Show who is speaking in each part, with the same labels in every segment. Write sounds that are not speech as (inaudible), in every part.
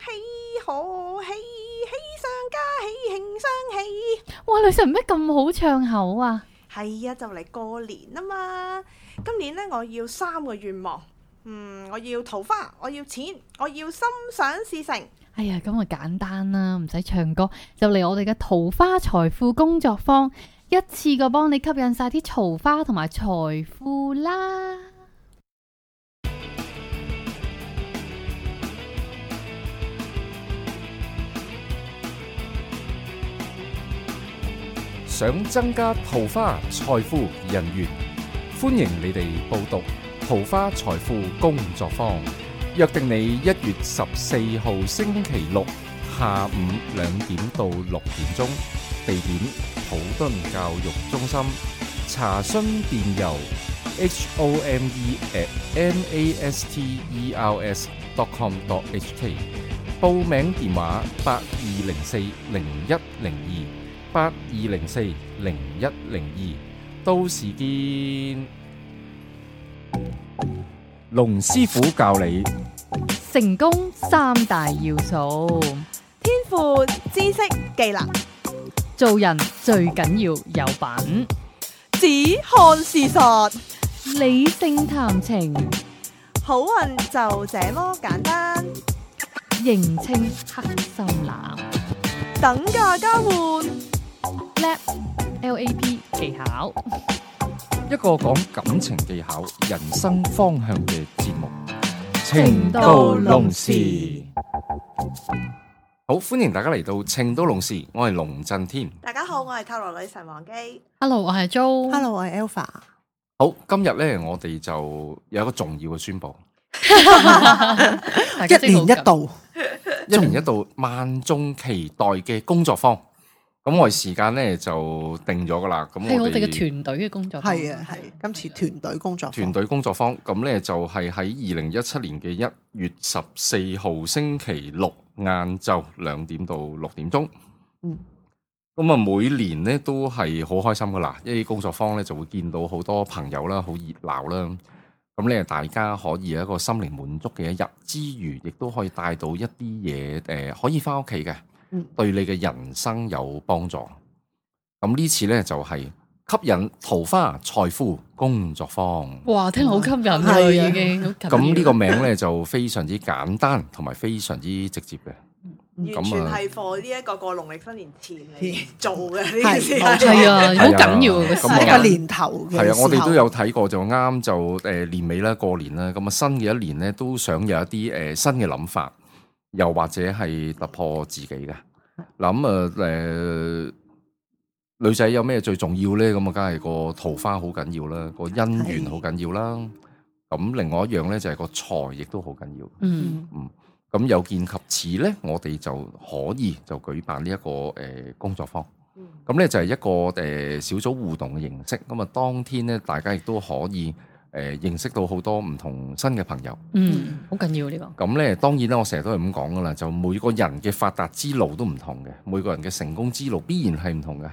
Speaker 1: 喜好，喜，喜上加喜，喜慶相喜。
Speaker 2: 哇！女神咩咁好唱口啊？
Speaker 1: 係啊，就嚟過年啊嘛！今年呢，我要三個願望。嗯，我要桃花，我要錢，我要心想事成。
Speaker 2: 哎呀，咁啊簡單啦，唔使唱歌，就嚟我哋嘅桃花財富工作坊，一次過幫你吸引晒啲桃花同埋財富啦！
Speaker 3: 想增加桃花財富人員，歡迎你哋報讀桃花財富工作坊。約定你一月十四號星期六下午兩點到六點鐘，地點普敦教育中心。查詢電郵：home at masters dot com dot hk。報名電話：八二零四零一零二。八二零四零一零二，到時見龍師傅教你
Speaker 2: 成功三大要素：天
Speaker 1: 賦、知識、技能。
Speaker 2: 做人最緊要有品，
Speaker 1: 只看事實，理性談情，好運就這麼簡單。
Speaker 2: 認清黑心男，等價交換。l a 叻，L A P
Speaker 3: 技巧，一個講感情技巧、人生方向嘅節目。情到濃時，好歡迎大家嚟到情到濃時，我係龍震天。大
Speaker 1: 家好，我係透羅女神王姬。
Speaker 2: Hello，我係 Jo。Hello，我係 Alpha。
Speaker 3: 好，今日咧，我哋就有一個重要嘅宣佈，
Speaker 1: (laughs) (laughs)
Speaker 4: 一
Speaker 3: 年一度， (laughs) 一年一度萬眾期待嘅工作坊。咁我哋時間咧就定咗噶啦，咁我哋嘅團
Speaker 4: 隊嘅工作，係啊係。今次團隊工作
Speaker 3: 團隊工作坊，咁咧就係喺二零一七年嘅一月十四號星期六晏晝兩點到六點鐘。嗯，咁啊每年咧都係好開心噶啦，一啲工作坊咧就會見到好多朋友啦，好熱鬧啦。咁咧大家可以有一個心靈滿足嘅一日之餘，亦都可以帶到一啲嘢誒，可以翻屋企嘅。對你嘅人生有幫助。咁呢次咧就係、是、吸引桃花、財富、工作坊。
Speaker 2: 哇，聽好吸引啊，已經。咁呢個名
Speaker 3: 咧就非常之簡單，同埋非常之直接嘅。嗯、那完全係
Speaker 1: 放呢一過個農曆新年前嚟
Speaker 4: 做嘅呢啲。係啊，好緊要嘅個年頭。係啊，我哋都有
Speaker 3: 睇過，就啱啱就誒年尾啦，過年啦，咁啊新嘅一年咧都想有一啲誒新嘅諗法。又或者係突破自己嘅，嗱咁啊誒，女仔有咩最重要咧？咁啊，梗係個桃花好緊要啦，個姻緣好緊要啦。咁的另外一樣咧，就係個財，亦都好緊要。嗯，嗯，咁有見及此咧，我哋就可以就舉辦呢一個誒工作坊。咁咧、嗯、就係一個誒小組互動嘅形式。咁啊，當天咧大家亦都可以。誒、呃、認識到好多唔同新嘅朋友，
Speaker 2: 嗯，好緊要、啊、呢個。
Speaker 3: 咁咧，當然啦，我成日都係咁講噶啦，就每個人嘅發達之路都唔同嘅，每個人嘅成功之路必然係唔同嘅。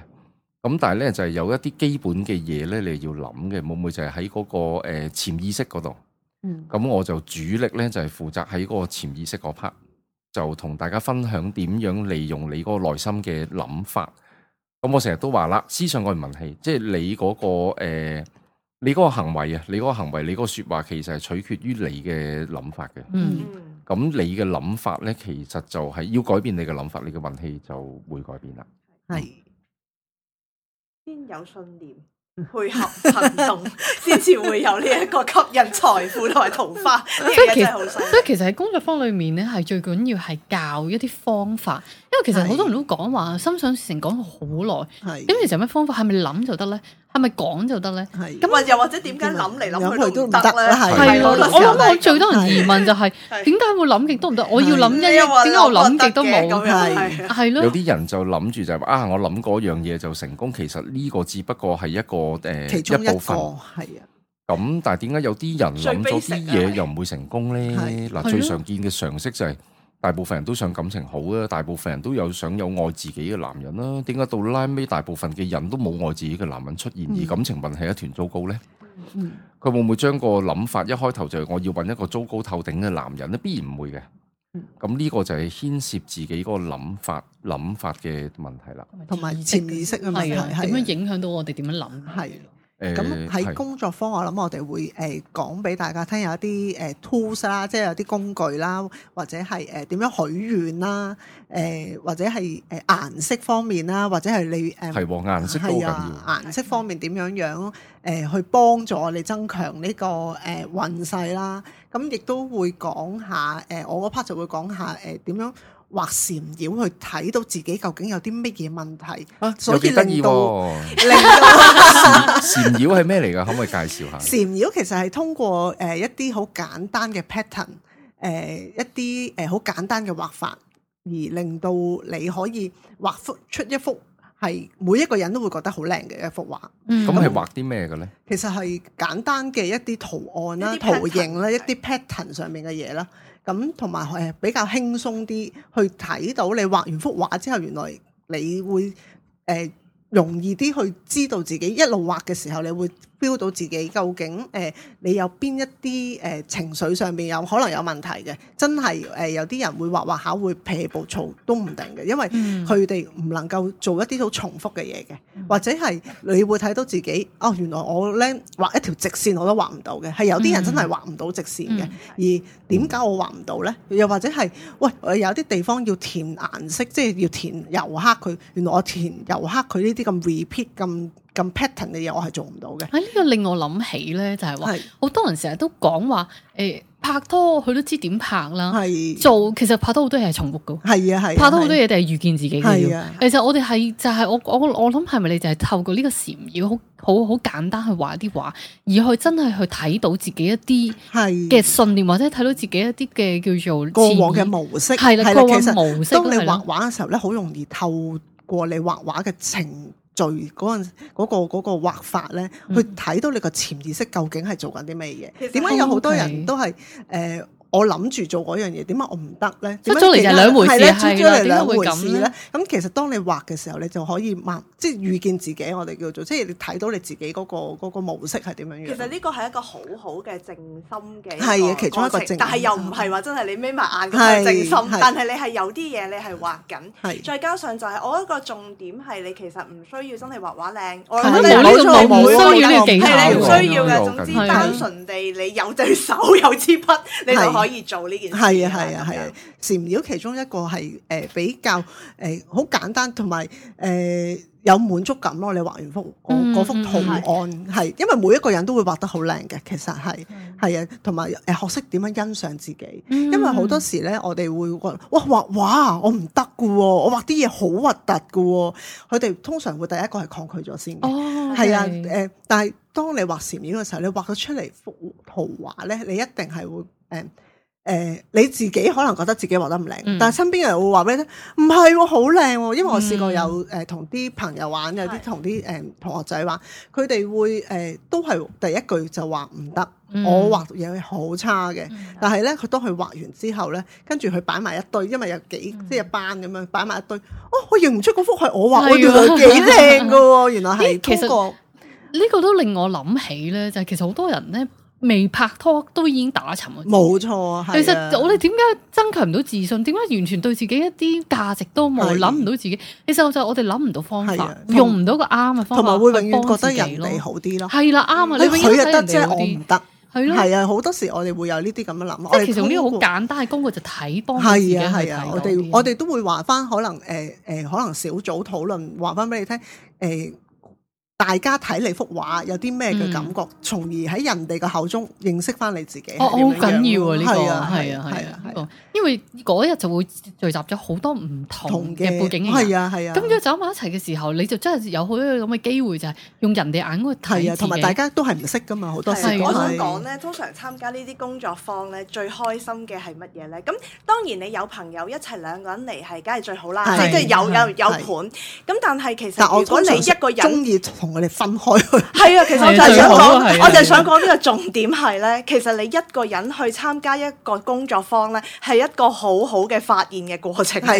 Speaker 3: 咁但係咧就係、是、有一啲基本嘅嘢咧，你要諗嘅，會唔會就係喺嗰個誒、呃、潛意識嗰度。嗯，咁我就主力咧就係、是、負責喺嗰個潛意識嗰 part，就同大家分享點樣利用你嗰個內心嘅諗法。咁我成日都話啦，思想過人文氣，即係你嗰、那個、呃你嗰個行為啊，你嗰個行為，你嗰個說話，其實係取決於你嘅諗法嘅。嗯，咁你嘅諗法咧，其實就係要改變你嘅諗法，你嘅運氣就會改變啦。係、嗯、
Speaker 1: 先有信念，配合行動，先至 (laughs) 會有呢一個吸引財富同埋桃花。所以 (laughs)
Speaker 2: (laughs) 其實，喺 (laughs) 工作坊裏面咧，係最緊要係教一啲方法，因為其實好多人都講話心想事成，講咗好耐。係咁，其實有咩方法？係咪諗就得咧？係咪講就得咧？
Speaker 1: 咁又或者點
Speaker 2: 解諗嚟諗去都唔得咧？係咯，我諗我最多人疑問就係點解會諗極都唔得？我要諗一，點解我諗極都冇？係係咯。有
Speaker 3: 啲人就諗住就話啊，我諗嗰樣嘢就成功，其實呢個只不過係一個誒，其中一部分。係啊。咁但係點解有啲人諗咗啲嘢又唔會成功咧？嗱，最常見嘅常識就係。大部分人都想感情好啊，大部分人都有想有愛自己嘅男人啦。點解到拉尾大部分嘅人都冇愛自己嘅男人出現而感情運係一團糟糕呢？佢、嗯、會唔會將個諗法一開頭就係我要揾一個糟糕透頂嘅男人咧？必然唔會嘅。咁呢個就係牽涉自己嗰個諗法、諗法嘅問題啦。
Speaker 4: 同埋潛意識啊嘛，係啊、嗯，點樣影響到我哋點樣諗？係。
Speaker 3: 咁喺工
Speaker 4: 作坊，我諗我哋會誒、呃呃呃、講俾大家聽有一啲誒 tools 啦，即係有啲工具啦，或者係誒點樣許願啦，誒、呃、或者係誒顏色方面啦，或者係你誒係黃顏色都緊要，顏色方面點樣樣誒、呃、去幫助你增強呢、這個誒、呃、運勢啦。咁、啊、亦都會講下誒、呃，我嗰 part 就會講下誒點、呃、樣。畫禪繞去睇到自己究竟有啲乜嘢問題，啊、所以有有、啊、得
Speaker 3: 令到禪繞係咩嚟噶？可唔可以介紹下？
Speaker 4: 禪繞其實係通過誒一啲好簡單嘅 pattern，誒、呃、一啲誒好簡單嘅畫法，而令到你可以畫出一幅係每一個人都會覺得好靚嘅一幅畫。咁係、嗯、畫
Speaker 3: 啲咩嘅咧？
Speaker 4: 其實係簡單嘅一啲圖案啦、些圖形啦、的一啲 pattern 上面嘅嘢啦。咁同埋誒比較輕鬆啲，去睇到你畫完幅畫之後，原來你會誒、呃、容易啲去知道自己一路畫嘅時候，你會 feel 到自己究竟誒、呃，你有邊一啲誒、呃、情緒上面有可能有問題嘅？真係誒、呃，有啲人會畫畫下會脾氣暴躁，都唔定嘅，因為佢哋唔能夠做一啲好重複嘅嘢嘅，或者係你會睇到自己哦，原來我咧畫一條直線我都畫唔到嘅，係有啲人真係畫唔到直線嘅。嗯嗯、而點解我畫唔到呢？又或者係喂，有啲地方要填顏色，即係要填油黑佢。原來我填油黑佢呢
Speaker 2: 啲咁 repeat 咁。咁 pattern 嘅嘢我係做唔到嘅。哎、啊、呢、這個令我諗起咧，就係、是、話，好是多人成日都講話，誒、欸、拍拖佢都知點拍啦。係是做其實拍拖好多嘢係重複嘅。係啊係。啊拍拖好多嘢定係預見自己嘅。啊啊、其實我哋係就係、是、我我我諗係咪你就係透過呢個禪繞，好好好簡單去畫啲畫，而真去真係去睇到自己一啲係嘅信念，或者睇到自己一啲嘅叫做過往嘅模式。係啦係啦，其實當你畫
Speaker 4: 畫嘅時候咧，好容易透過你畫畫嘅情。罪嗰陣嗰個畫法呢，嗯、去睇到你個潛意識究竟係做緊啲咩嘢？點解其實 有好多人都係誒？嗯呃我諗住做嗰樣嘢，點解我唔得咧？出咗嚟就兩回事，出咗嚟兩回事咧。咁其實當你畫嘅時候，你就可以萬即係預見自己，我哋叫做即係你睇到你自己嗰個嗰個模式係點樣樣。其實
Speaker 1: 呢個係一個好好嘅靜心嘅係嘅其中一個靜，但係又唔係話真係你眯埋眼嘅靜心，但係你係有啲嘢你係畫緊。係再加上就係我覺得個重點係你其實唔需要真係畫畫靚，我覺得冇錯冇需要技巧，需要嘅。總之單純地你有隻手有支筆，你就可以做呢件事情係
Speaker 4: 啊，係啊，係啊！禪繞其中一個係誒、呃、比較誒好、呃、簡單，同埋誒有滿足感咯。你畫完幅、嗰、幅、個嗯、圖案，係的因為每一個人都會畫得好靚嘅。其實係係啊，同埋誒學識點樣欣賞自己。因為好多時咧，我哋會覺得：「哇畫哇我唔得嘅喎，我畫啲嘢好核突嘅喎。」佢哋通常會第一個係抗拒咗先。哦，係、okay、啊，誒、呃，但係當你畫禪繞嘅時候，你畫咗出嚟幅圖畫咧，你一定係會誒。嗯誒、呃、你自己可能覺得自己畫得唔靚，嗯、但係身邊嘅人會話俾你聽，唔係喎，好靚喎。因為我試過有誒同啲朋友玩，有啲同啲誒同學仔玩，佢哋會誒、呃、都係第一句就話唔得，嗯、我畫嘢好差嘅，嗯、但係咧佢都係畫完之後咧，跟住佢擺埋一堆，因為有幾即係一班咁樣擺埋一堆，哦，我認唔出嗰幅係我畫嘅，幾靚㗎喎。原來係通過呢，其
Speaker 2: 實，呢個都令我諗起咧，就係其實好多人咧。未拍拖都已經打沉。冇錯啊，其實我哋點解增強唔到自信？點解完全對自己一啲價值都冇，諗唔到自己？其實我就我哋諗唔到方法，用唔到個啱嘅方法同埋會永遠覺得人哋好
Speaker 4: 啲咯。係啦，啱啊！你永遠睇人哋好啲。你佢又得，即係我唔得，係咯？係啊，好多時我哋會有呢啲咁樣諗。即係其實呢個好簡單嘅工具就睇幫。係啊係啊，我哋我哋都會話翻，可能誒誒，可能小組討論話翻俾你聽誒。大家睇你幅畫有啲咩嘅感覺，從而喺人哋嘅口
Speaker 2: 中認識返你自己。好緊要啊，呢個係啊，係啊係，因為嗰日就會聚集咗好多唔同嘅背景係啊係啊。咁如果走埋一齊嘅時候，你就真係有好多咁嘅機會，就係用人哋眼去睇啊，同埋大家都係唔識噶嘛，好多時。我想講
Speaker 1: 咧，通常參加呢啲工作坊咧，最開心嘅係乜嘢咧？咁當然你有朋友一齊兩個人嚟係，梗係最好啦，即係有有有伴。咁但係其實如果你一個
Speaker 4: 人我哋分開
Speaker 1: 去。係啊，其實我就係想講，我就係想講呢個重點係咧， (laughs) 其實你一個人去參加一個工作坊咧，係一個好好嘅發現嘅過程，係，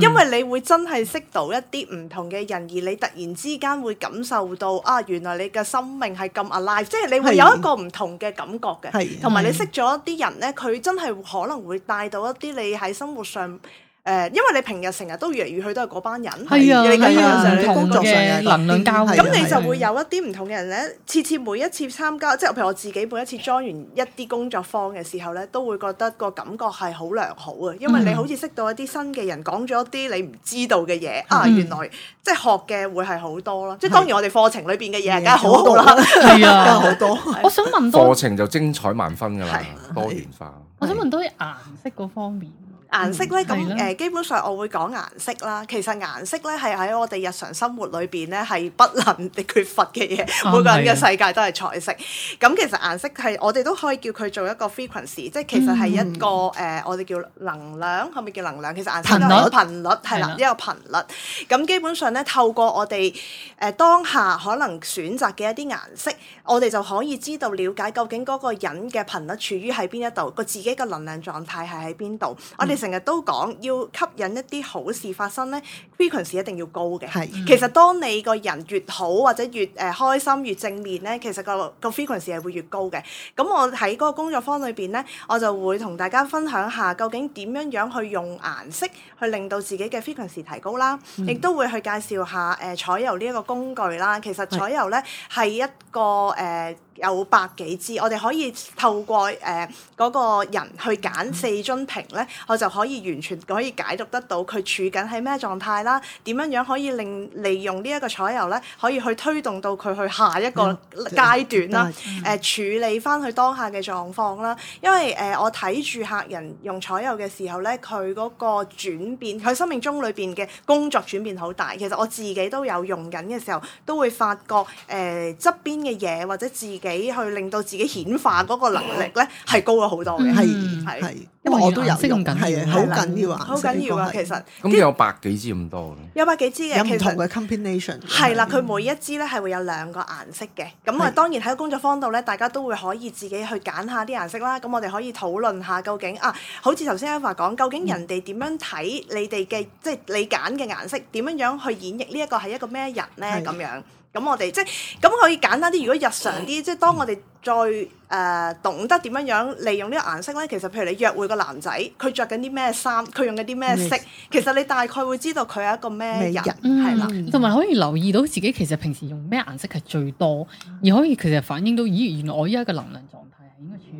Speaker 1: 因為你會真係識到一啲唔同嘅人，而你突然之間會感受到啊，原來你嘅生命係咁 alive，即係你會有一個唔同嘅感覺嘅，同埋你識咗一啲人咧，佢真係可能會帶到一啲你喺生活上。誒，因為你平日成日都越嚟越去都係嗰班人，係啊，你咁樣上工作上嘅能量交換，咁你就會有一啲唔同嘅人咧。次次每一次參加，即係譬如我自己每一次裝完一啲工作坊嘅時候咧，都會覺得個感覺係好良好啊。因為你好似識到一啲新嘅人，講咗一啲你唔知道嘅嘢啊，原來即係學嘅會係好多咯。即係當然我哋課程裏邊嘅嘢係梗係好多啦，係啊，好多。我想問
Speaker 3: 多課程就精彩萬分㗎啦，多元化。
Speaker 1: 我想問多啲顏色嗰方面。顏色咧，咁誒，基本上我會講顏色啦。其實顏色咧，係喺我哋日常生活裏邊咧，係不能的缺乏嘅嘢。哦、每個人嘅世界都係彩色。咁的其實顏色係我哋都可以叫佢做一個 frequency，、嗯、即係其實係一個誒、呃，我哋叫能量，係咪叫能量？其實顏色都有頻率，頻率係啦，的的一個頻率。咁基本上咧，透過我哋誒、呃、當下可能選擇嘅一啲顏色，我哋就可以知道了解究竟嗰個人嘅頻率處於喺邊一度，佢自己嘅能量狀態係喺邊度。我哋成日都講要吸引一啲好事發生呢，frequency 一定要高嘅。係。其實當你個人越好或者越誒、呃、開心越正面呢，其實個個 frequency 係會越高嘅。咁我喺嗰個工作坊裏邊呢，我就會同大家分享下究竟點樣樣去用顏色。去令到自己嘅 frequency 提高啦，亦、嗯、都會去介紹下誒彩、呃、油呢一個工具啦。其實彩油咧係是一個誒、呃、有百幾支，我哋可以透過誒嗰、呃那個人去揀四樽瓶咧，嗯、我就可以完全可以解讀得到佢處緊係咩狀態啦。點樣樣可以令利用彩呢一個彩油咧，可以去推動到佢去下一個階段啦。誒、嗯呃、處理翻佢當下嘅狀況啦。因為誒、呃、我睇住客人用彩油嘅時候咧，佢嗰個轉。轉變佢生命中裏邊嘅工作轉變好大，其實我自己都有用緊嘅時候，都會發覺誒側邊嘅嘢或者自己去令到自己顯化嗰個能力咧係高咗好多嘅，係係、嗯。因為我都有用，係啊，
Speaker 3: 好緊要啊，好緊要啊，其實咁有百幾支咁多嘅，
Speaker 1: 有百幾支嘅，有唔同
Speaker 3: 嘅 combination，係啦，
Speaker 1: 佢每一支咧係會有兩個顏色嘅，咁啊當然喺工作坊度咧，大家都會可以自己去揀下啲顏色啦，咁我哋可以討論下究竟啊，好似頭先阿華講，究竟人哋點樣睇你哋嘅，即係你揀嘅顏色點樣樣去演繹呢一個係一個咩人咧咁樣。咁我哋即係咁可以簡單啲，如果日常啲，即係當我哋再誒、呃、懂得點樣樣利用呢個顏色咧，其實譬如你約會個男仔，佢着緊啲咩衫，佢用緊啲咩色，未其實你大概會知道佢係一個咩人，係啦。
Speaker 2: 同埋可以留意到自己其實平時用咩顏色係最多，而可以其實反映到，咦，原來我依家嘅能量狀態。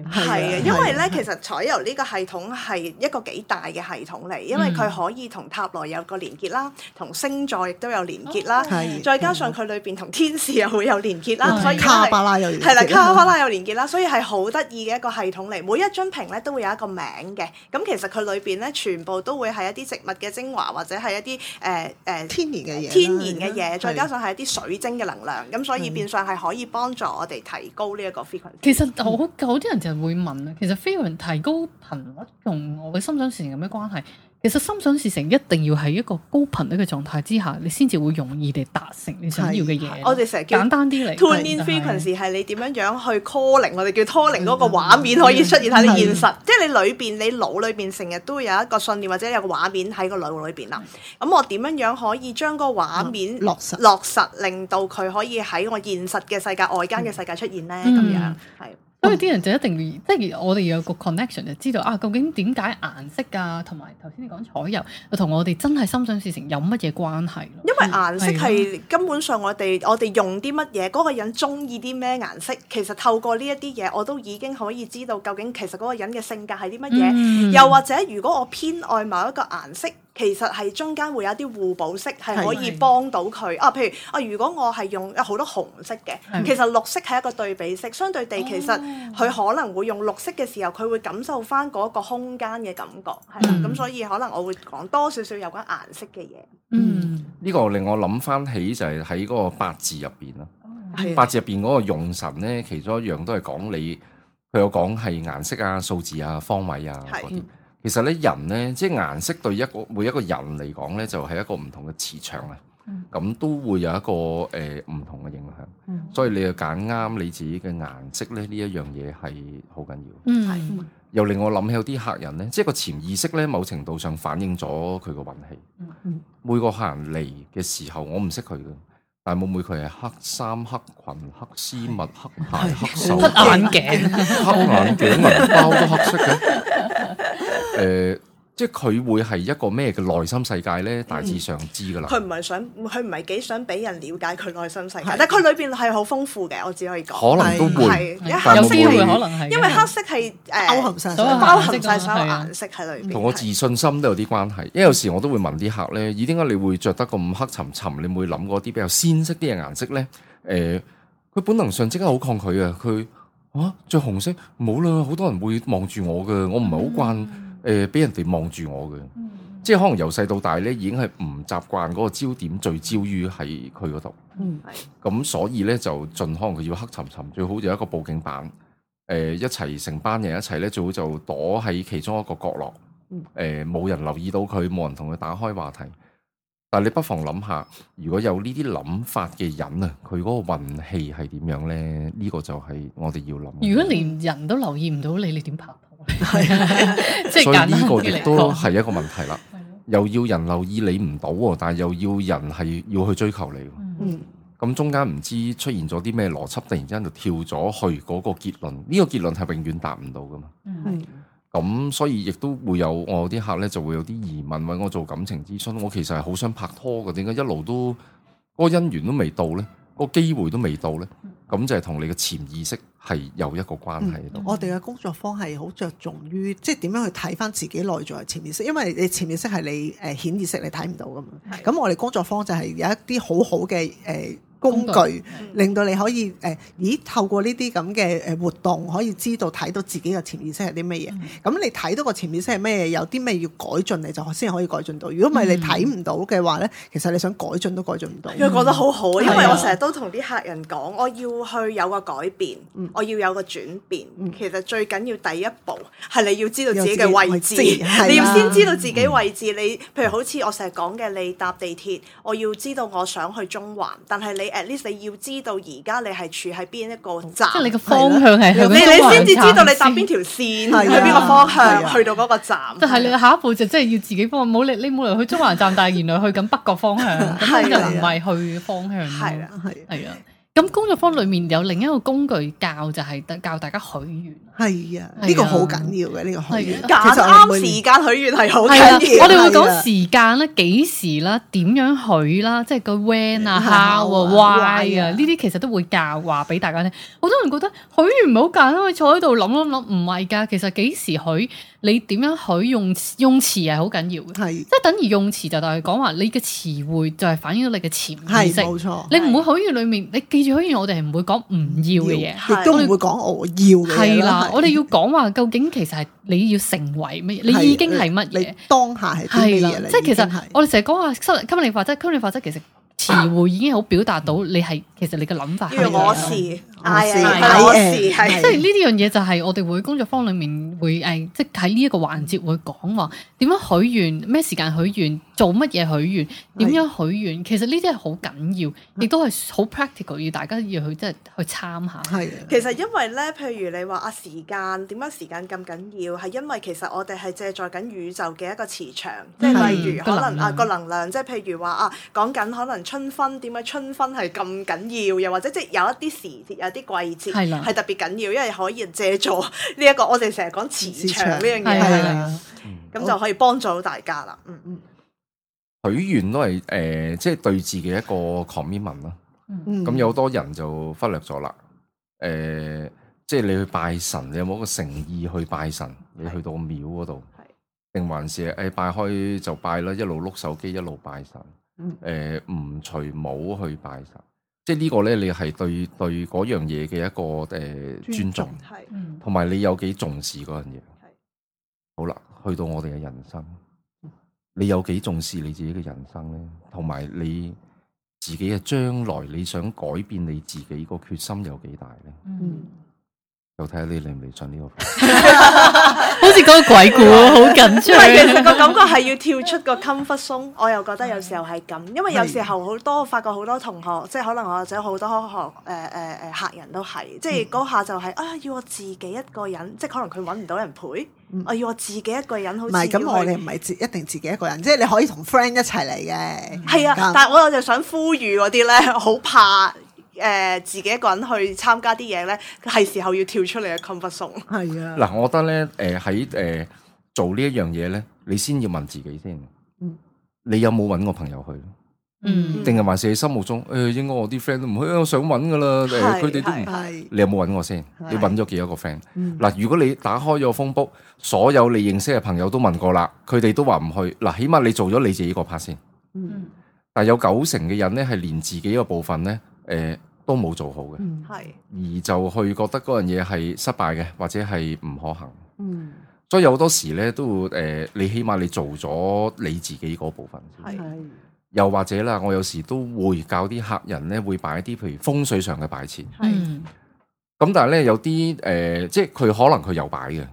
Speaker 2: 係啊，因為咧，
Speaker 1: 其實彩油呢個系統係一個幾大嘅系統嚟，因為佢可以同塔羅有個連結啦，同星座亦都有連結啦，再加上佢裏邊同天使又會有連結啦，所以卡巴拉有連結啦，卡巴拉有連結啦，所以係好得意嘅一個系統嚟。每一樽瓶咧都會有一個名嘅，咁其實佢裏邊咧全部都會係一啲植物嘅精華，或者係一啲誒誒天然嘅嘢，天然嘅嘢，再加上係一啲水晶嘅能量，咁所以變相係可以幫助我哋提高呢一個 frequency。其實好，好
Speaker 2: 啲人。會問啊，其實 frequent 提高頻率同我嘅心想事成有咩關係？其實心想事成一定要喺一個高頻率嘅狀態之下，你先至會容易地達成你想要嘅嘢。我哋成日簡單啲嚟 frequency
Speaker 1: 係你點樣樣去 calling，我哋叫 calling 嗰個畫面可以出現喺你現實。即係你裏邊，你腦裏邊成日都會有一個信念或者有個畫面喺個腦裏邊啦。咁的我點樣樣可以將個畫面、嗯、落實落實，令到佢可以喺我現實嘅世界外間嘅世界出現呢？咁樣係。嗯
Speaker 2: 所以啲人就一定要即係、就是、我哋有個 connection 就知道啊，究竟點解顏色啊，同埋頭先你講彩油，同我哋真係心想事成有乜嘢關係？
Speaker 1: 因為顏色係根本上我哋、嗯、我哋用啲乜嘢，嗰、那個人中意啲咩顏色，其實透過呢一啲嘢，我都已經可以知道究竟其實嗰個人嘅性格係啲乜嘢。嗯、又或者如果我偏愛某一個顏色。其實係中間會有啲互補色，係可以幫到佢是是 啊。譬如啊，如果我係用好多紅色嘅，嗎其實綠色係一個對比色。相對地，其實佢可能會用綠色嘅時候，佢會感受翻嗰個空間嘅感覺。咁、嗯嗯、所以可能我會講多少少有關顏色嘅嘢。嗯，
Speaker 3: 呢個令我諗翻起就係喺嗰個八字入邊咯。嗯、八字入邊嗰個用神呢，其中一樣都係講你，佢有講係顏色啊、數字啊、方位啊嗰啲。的其實咧，人咧，即係顏色對一個每一個人嚟講咧，就係、是、一個唔同嘅磁場啊。咁、嗯、都會有一個誒唔、呃、同嘅影響。嗯、所以你又揀啱你自己嘅顏色咧，呢一樣嘢係好緊要。嗯，係。又令我諗起有啲客人咧，即係個潛意識咧，某程度上反映咗佢個運氣。嗯、每個客人嚟嘅時候，我唔識佢嘅，但係每每佢係黑衫、黑裙、黑絲襪、黑鞋、黑手、黑眼鏡、 (laughs) (laughs) 黑眼鏡、包包都黑色嘅。誒、呃，即係佢會係一個咩嘅內心世界咧？大致上知噶啦。佢
Speaker 1: 唔係想，佢唔係幾想俾人了解佢內心世界，是但係佢裏邊係好豐富嘅。我只可以講，可能都會，
Speaker 3: 有啲係，因為黑
Speaker 1: 色係誒包含晒，所有顏色喺裏面。同我
Speaker 3: 自信心都有啲關係。的因為有時我都會問啲客咧，咦，點解你會着得咁黑沉沉？你唔會諗過啲比較鮮色啲嘅顏色咧？誒、呃，佢本能上即刻好抗拒嘅。佢啊，着紅色冇啦，好多人會望住我嘅，我唔係好慣。嗯誒，俾、呃、人哋望住我嘅，嗯、即係可能由細到大咧，已經係唔習慣嗰個焦點聚焦於喺佢嗰度。嗯，咁所以咧就盡可能佢要黑沉沉，最好有一個報警板。誒、呃，一齊成班人一齊咧，最好就躲喺其中一個角落。誒、嗯，冇、呃、人留意到佢，冇人同佢打開話題。但係你不妨諗下，如果有呢啲諗法嘅人啊，佢嗰個運氣係點樣咧？呢個就係我哋要諗。
Speaker 2: 如果連人都留意唔到你，你點拍？係啊，所以呢個亦都係
Speaker 3: 一個問題啦。又要人留意你唔到，但係又要人係要去追求你。嗯，咁中間唔知出現咗啲咩邏輯，突然間就跳咗去嗰個結論。呢個結論係永遠達唔到噶嘛。係、嗯。咁所以亦都會有我啲客呢，就會有啲疑問，搵我做感情諮詢。我其實係好想拍拖嘅，點解一路都嗰個姻緣都未到呢？嗰個機會都未到呢？咁就係同你嘅潛意識係有一個關係喺
Speaker 4: 度、嗯。我哋嘅工作坊係好着重於，即係點樣去睇返自己內在嘅潛意識，因為你潛意識係你誒顯、呃、意識你睇唔到噶嘛。咁的我哋工作坊就係有一啲好好嘅誒。呃工具、嗯、令到你可以誒咦透過呢啲咁嘅誒活動可以知道睇到自己嘅潛意識係啲乜嘢。咁、嗯、你睇到個潛意識係咩嘢，有啲咩要改進，你就先可以改進到。如果唔係，你睇唔到嘅話咧，其實你想改進都改進唔到。因為覺得好
Speaker 1: 好，因為我成日都同啲客人講，我要去有個改變，嗯、我要有個轉變。嗯、其實最緊要第一步係你要知道自己嘅位置，要啊、你要先知道自己位置。嗯、你譬如好似我成日講嘅，你搭地鐵，我要知道我想去中環，但係你。至少你要知道而家你係處喺邊一個站，即係你個方向係咩？你先至知道你搭邊條線，去邊個方向，去到嗰個站。但係你
Speaker 2: 下一步就真係要自己方，唔好你你冇理由去中環站，但係原來去緊北角方向，咁就唔係去方向。係啊，係啊。咁工作坊裏面有另一個工具教就係、是、教大家許願，係啊，呢、啊、個好緊要嘅呢、這個許願，揀啱、啊、時間許願係好緊要、啊。我哋會講時間啦，幾、啊啊、時啦，點樣許啦，即係個 when 啊，how 啊，why 啊，呢啲其實都會教話俾大家聽。好多人覺得許願唔係好簡單，因為坐喺度諗諗諗，唔係噶，其實幾時許？你點樣許願，用詞係好緊要嘅，係是即係等於用詞就係講話你嘅詞彙就係反映到你嘅潛意識，你唔會許願裏面，的你記住許願我哋係唔會講唔要嘅嘢，亦都唔會
Speaker 4: 講我要嘅。係啦的，的我
Speaker 2: 哋要講話究竟其實係你要成為乜嘢，的你已經係乜嘢，當下係啲乜嘢。的即係其實我哋成日講話吸引力法則，吸引力法則其實詞彙已經好表達到你係。其實你嘅諗法，要我是」，「係啊，係，即係呢啲樣嘢就係我哋會工作坊裡面會誒，即係喺呢一個環節會講話點樣許願，咩時間許願，做乜嘢許願，點樣許願。其實呢啲係好緊要，亦都係好 practical，要大家要去即係去參下。係。
Speaker 1: 其實因為咧，譬如你話啊，時間點解時間咁緊要？係因為其實我哋係借助緊宇宙嘅一個磁場，即係例如可能啊個能量，即係譬如話啊講緊可能春分，點解春分係咁緊？要又或者即係有一啲時節，有啲季節係特別緊要，因為可以借助呢一個我，我哋成日講磁場呢樣嘢，咁就可以幫助到大家啦。嗯好嗯，
Speaker 3: 許願都係誒，即、呃、係、就是、對自己一個 commitment 啦。咁、嗯嗯、有好多人就忽略咗啦。誒、呃，即、就、係、是、你去拜神，你有冇個誠意去拜神？你去到廟嗰度，定的還是誒、呃、拜開就拜啦，一路碌手機一路拜神。誒、嗯，唔除帽去拜神。即係呢個咧，你係對對嗰樣嘢嘅一個誒、呃、尊重，係，同埋你有幾重視嗰樣嘢？係的好啦，去到我哋嘅人生，你有幾重視你自己嘅人生咧？同埋你自己嘅將來，你想改變你自己個決心有幾大咧？的嗯。又睇下你嚟唔嚟進呢個，
Speaker 2: (laughs) (laughs) 好似講鬼故，好緊張。其實個感覺係
Speaker 1: 要跳出個 comfort zone 我又覺得有時候係咁，因為有時候好多的發覺好多同學，即係可能或者好多誒誒誒客人都係，即係嗰下就係、是嗯、啊，要我自己一個人，即係可能佢搵唔到人陪，我、嗯、要我自己一個人。唔係，咁我哋唔
Speaker 4: 係一定自己一個人，即係你可以同 friend 一齊嚟嘅。係啊，但
Speaker 1: 係我又想呼籲嗰啲咧，好怕。誒、呃、自己一個人去參加啲嘢咧，係時候要跳出嚟嘅 comfort zone。
Speaker 4: 係啊，
Speaker 3: 嗱，我覺得咧，誒喺誒做一呢一樣嘢咧，你先要問自己先。嗯，你有冇揾個朋友去？嗯，定係還是你心目中？誒、哎，應該我啲 friend 都唔去、哎，我想揾噶啦。係，佢哋都唔係。係係你有冇揾我先？係。你揾咗幾多個 friend？嗱、嗯，如果你打開咗風煲，所有你認識嘅朋友都問過啦，佢哋都話唔去。嗱，起碼你做咗你自己個 part 先。嗯。嗯。但係有九成嘅人咧，係連自己個部分咧。誒、呃、都冇做好嘅，嗯、而就去覺得嗰樣嘢係失敗嘅，或者係唔可行。嗯，所以有好多時咧，都誒，你、呃、起碼你做咗你自己嗰部分
Speaker 4: 先。
Speaker 3: 係是，又、嗯、或者啦，我有時都會教啲客人咧，會擺啲譬如風水上嘅擺設。係是，咁、嗯、但係咧有啲誒、呃，即係佢可能佢有擺嘅。誒、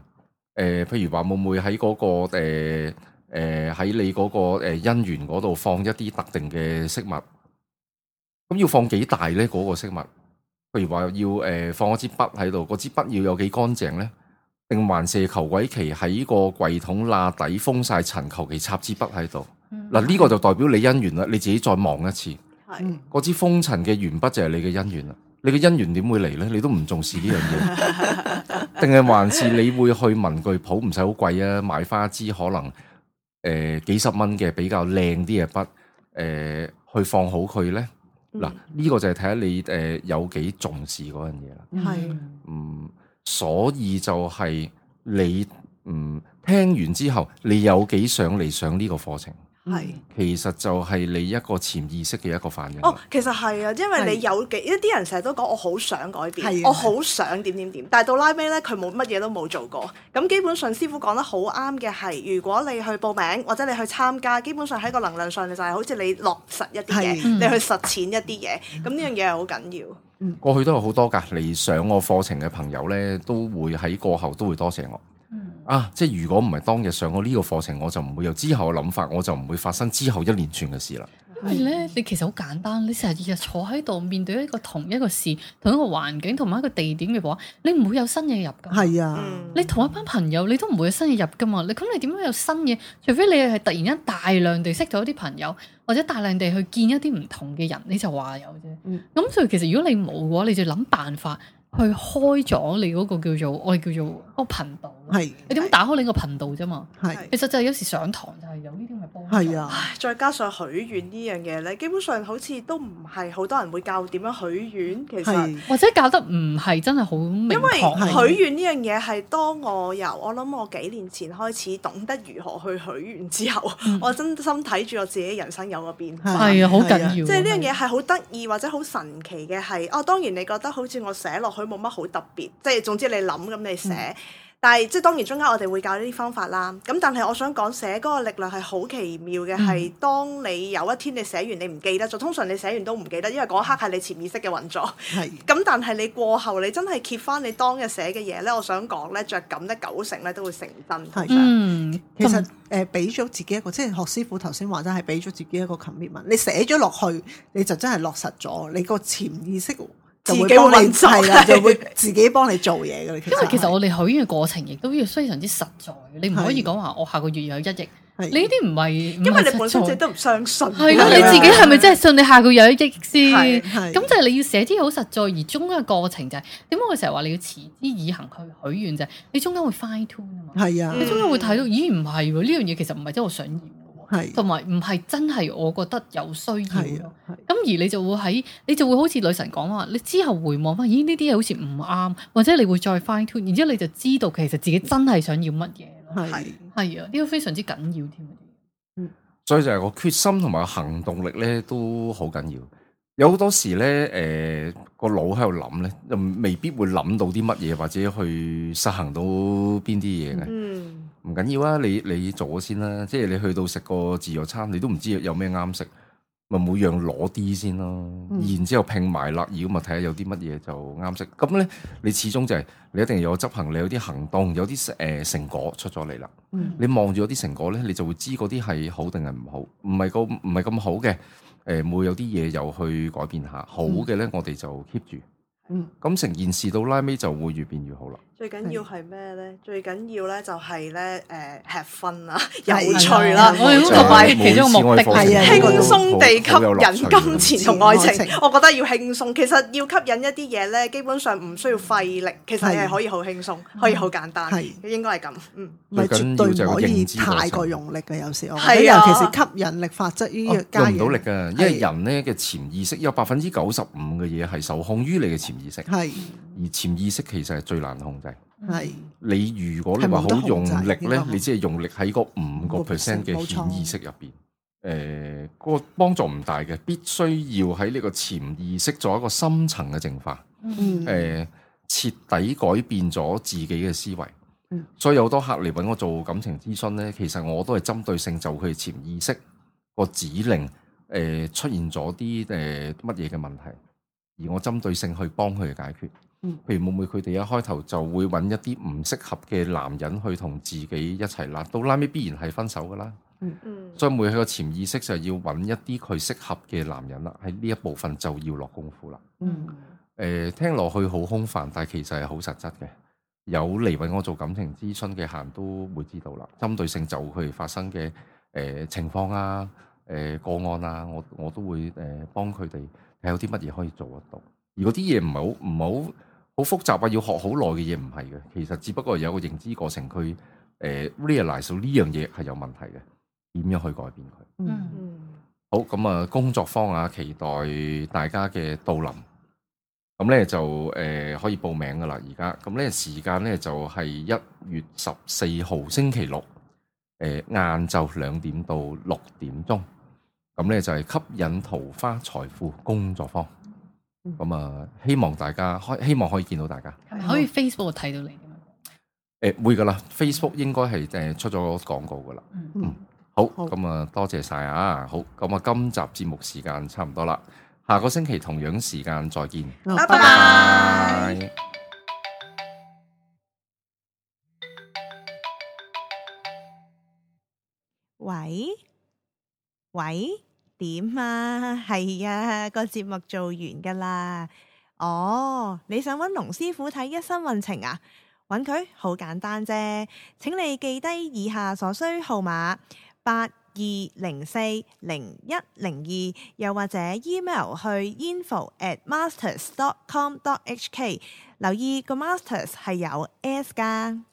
Speaker 3: 呃，譬如話會唔會喺嗰個誒喺、呃呃、你嗰個姻緣嗰度放一啲特定嘅飾物？咁、嗯、要放幾大呢，嗰、嗰個飾物，譬如話要誒、呃、放一支筆喺度，嗰支筆要有幾乾淨呢？定還是，是求鬼其喺個櫃桶罅底封晒塵，求其插支筆喺度。嗱呢、嗯啊呢個就代表你姻緣啦，你自己再望一次。嗰支封塵嘅鉛筆就係你嘅姻緣啦。你嘅姻緣點會嚟呢？你都唔重視呢樣嘢，定係 (laughs) 還是你會去文具鋪，唔使好貴啊，買翻一支可能誒、呃、幾十蚊嘅比較靚啲嘅筆，誒、呃、去放好佢呢？嗱，呢個就係睇下你誒有幾重視嗰樣嘢啦。係是，嗯，所以就係你唔、嗯、聽完之後，你有幾想嚟上呢個課程？係，是其實就係你一個潛意識嘅一個反應。哦，
Speaker 1: 其實係啊，因為你有幾，一啲人成日都講我好想改變，的我好想點點點，但係到拉尾呢，佢冇乜嘢都冇做過。咁基本上，師傅講得好啱嘅係，如果你去報名或者你去參加，基本上喺個能量上，就係好似你落實一啲嘢，的你去實踐一啲嘢，咁呢樣嘢係好緊要。嗯，
Speaker 3: 過去都有好多㗎，你上我課程嘅朋友呢，都會喺過後都會多謝我。啊！即係如果唔係當日上過呢個課程，我就唔會有之後嘅諗法，我就唔會發生之後一連串嘅事啦。
Speaker 2: 係咧的，你其實好簡單，你成日坐喺度面對一個同一個事，同一個環境同埋一個地點嘅話，你唔會有新嘢入㗎。係啊的，你同一班朋友，你都唔會有新嘢入噶嘛？你咁你點樣有新嘢？除非你係突然間大量地識咗啲朋友，或者大量地去見一啲唔同嘅人，你就話有啫。咁、嗯、所以其實如果你冇嘅話，你就諗辦法去開咗你嗰個叫做我哋叫做。個、哦、頻道，係是你點打開你個頻道啫嘛？係是，其實就係有時上堂就係有呢啲咪幫手。
Speaker 1: 係啊，再加上許願呢樣嘢咧，基本上好似都唔係好多人會教點樣許願。其實、
Speaker 2: 啊、或者教得唔係真係好明確。因為啊、許願
Speaker 1: 呢樣嘢係當我由我諗我幾年前開始懂得如何去許願之後，嗯、我真心睇住我自己人生有個變。係啊，好緊、啊啊、要、啊。即係呢樣嘢係好得意或者好神奇嘅係，哦、啊，當然你覺得好似我寫落去冇乜好特別，即係總之你諗咁你寫。嗯但係即係當然中間我哋會教呢啲方法啦，咁但係我想講寫嗰個力量係好奇妙嘅，係、嗯、當你有一天你寫完你唔記得咗，就通常你寫完都唔記得，因為嗰一刻係你潛意識嘅運作。係的。咁但係你過後你真係揭翻你當日寫嘅嘢咧，我想講呢，着噉得九成咧都會成真。係的。
Speaker 4: 嗯、其實誒俾咗自己一個，即係學師傅頭先話齋係俾咗自己一個 commitment，你寫咗落去，你就真係落實咗你個
Speaker 2: 潛意識。就會自己幫你砌啦，就會自己幫你做嘢噶啦。因為其實我哋許願嘅過程亦都要非常之實在，的你唔可以講話我下個月有一億。的你呢啲唔係，因為你本身都唔相信。係咯的，你自己係咪真係信你下個月有一億先？咁就係你要寫啲好實在，而中間嘅過程就係點解我成日話你要持之以恒去許願？許願就係你中間會 fine tune 啊嘛。係啊，你中間會睇的的到，咦？唔係呢樣嘢，其實唔係真係我想要。同埋唔係真係，我覺得有需要咯。咁而你就會喺，你就會好似女神講話，你之後回望翻，咦呢啲嘢好似唔啱，或者你會再 fine tune, 然之後你就知道其實自己真係想要乜嘢咯。係係啊，呢個非常之緊要添。嗯，
Speaker 3: 所以就係個決心同埋行動力咧都好緊要。有好多時咧，誒、呃、個腦喺度諗咧，又未必會諗到啲乜嘢，或者去實行到邊啲嘢嘅。嗯。唔緊要啊！你你做咗先啦，即係你去到食個自助餐，你都唔知有咩啱食，咪每樣攞啲先咯，嗯、然之後拼埋啦，如果咪睇下有啲乜嘢就啱食。咁咧，你始終就係、是、你一定有執行，你有啲行動，有啲誒、呃、成果出咗嚟啦。嗯、你望住嗰啲成果咧，你就會知嗰啲係好定係唔好。唔係個唔係咁好嘅，誒、呃、會有啲嘢又去改變下。好嘅咧，我哋就 keep 住。嗯，咁成、嗯、件事到拉尾就會越變越好啦。
Speaker 1: 最緊要係咩咧？最緊要咧就係咧，誒吃分啦、有趣啦，同埋其中個目的，係輕鬆地吸引金錢同愛情。我覺得要輕鬆，其實要吸引一啲嘢咧，基本上唔需要費力。其實你係可以好輕鬆，可以好簡單。係應該係咁，唔
Speaker 3: 係絕對唔可以太過
Speaker 4: 用力嘅，有時係尤其是吸引力法則呢樣用唔到力
Speaker 3: 嘅，因為人咧嘅潛意識有百分之九十五嘅嘢係受控於你嘅潛意識，係而潛意識其實係最難控制。係是你如果話好用力呢，你只係用力喺個五個 percent 嘅顯意識入邊，誒錯，嗰、呃那個幫助唔大嘅，必須要喺呢個潛意識做一個深層嘅淨化，誒、嗯，徹、呃、底改變咗自己嘅思維。嗯、所以有好多客嚟揾我做感情諮詢呢，其實我都係針對性就佢潛意識個指令，誒、呃，出現咗啲誒乜嘢嘅問題，而我針對性去幫佢解決。譬如妹妹佢哋一開頭就會揾一啲唔適合嘅男人去同自己一齊，嗱，到拉尾必然係分手㗎啦。嗯嗯，所以每個潛意識就要揾一啲佢適合嘅男人啦。喺呢一部分就要落功夫啦。嗯，誒、呃、聽落去好空泛，但係其實係好實質嘅。有嚟揾我做感情諮詢嘅客人都會知道啦。針對性就佢發生嘅誒、呃、情況啊、誒、呃、個案啊，我我都會誒、呃、幫佢哋睇有啲乜嘢可以做得到。如果啲嘢唔好唔好。好複雜啊！要學好耐嘅嘢，唔係嘅，其實只不過有個認知過程，佢誒、呃、realize 到呢樣嘢係有問題嘅，點樣去改變佢、
Speaker 2: mm hmm.？
Speaker 3: 嗯，好，咁啊，工作坊啊，期待大家嘅到臨。咁咧就誒、呃、可以報名噶啦，而家咁咧時間咧就係、是、一月十四號星期六，誒晏晝兩點到六點鐘。咁咧就係、是、吸引桃花財富工作坊。咁啊，嗯、希望大家可，希望可以見到大家。係
Speaker 2: 可以 Facebook 睇到你嘅
Speaker 3: 嗎？誒、欸，會噶啦，Facebook 應該係誒出咗廣告噶啦。嗯，嗯，好，咁啊好、嗯，多謝晒啊，好，咁、嗯、啊，今集節目時間差唔多啦，下個星期同樣時間再見。拜拜、哦。
Speaker 1: 喂喂。點啊，係啊，個節目做完噶啦。哦，你想揾龍師傅睇一生運程啊？揾佢好簡單啫，請你記低以下所需號碼：八二零四零一零二，又或者 email 去 info at masters dot com dot h k。留意個 masters 係有 s 噶。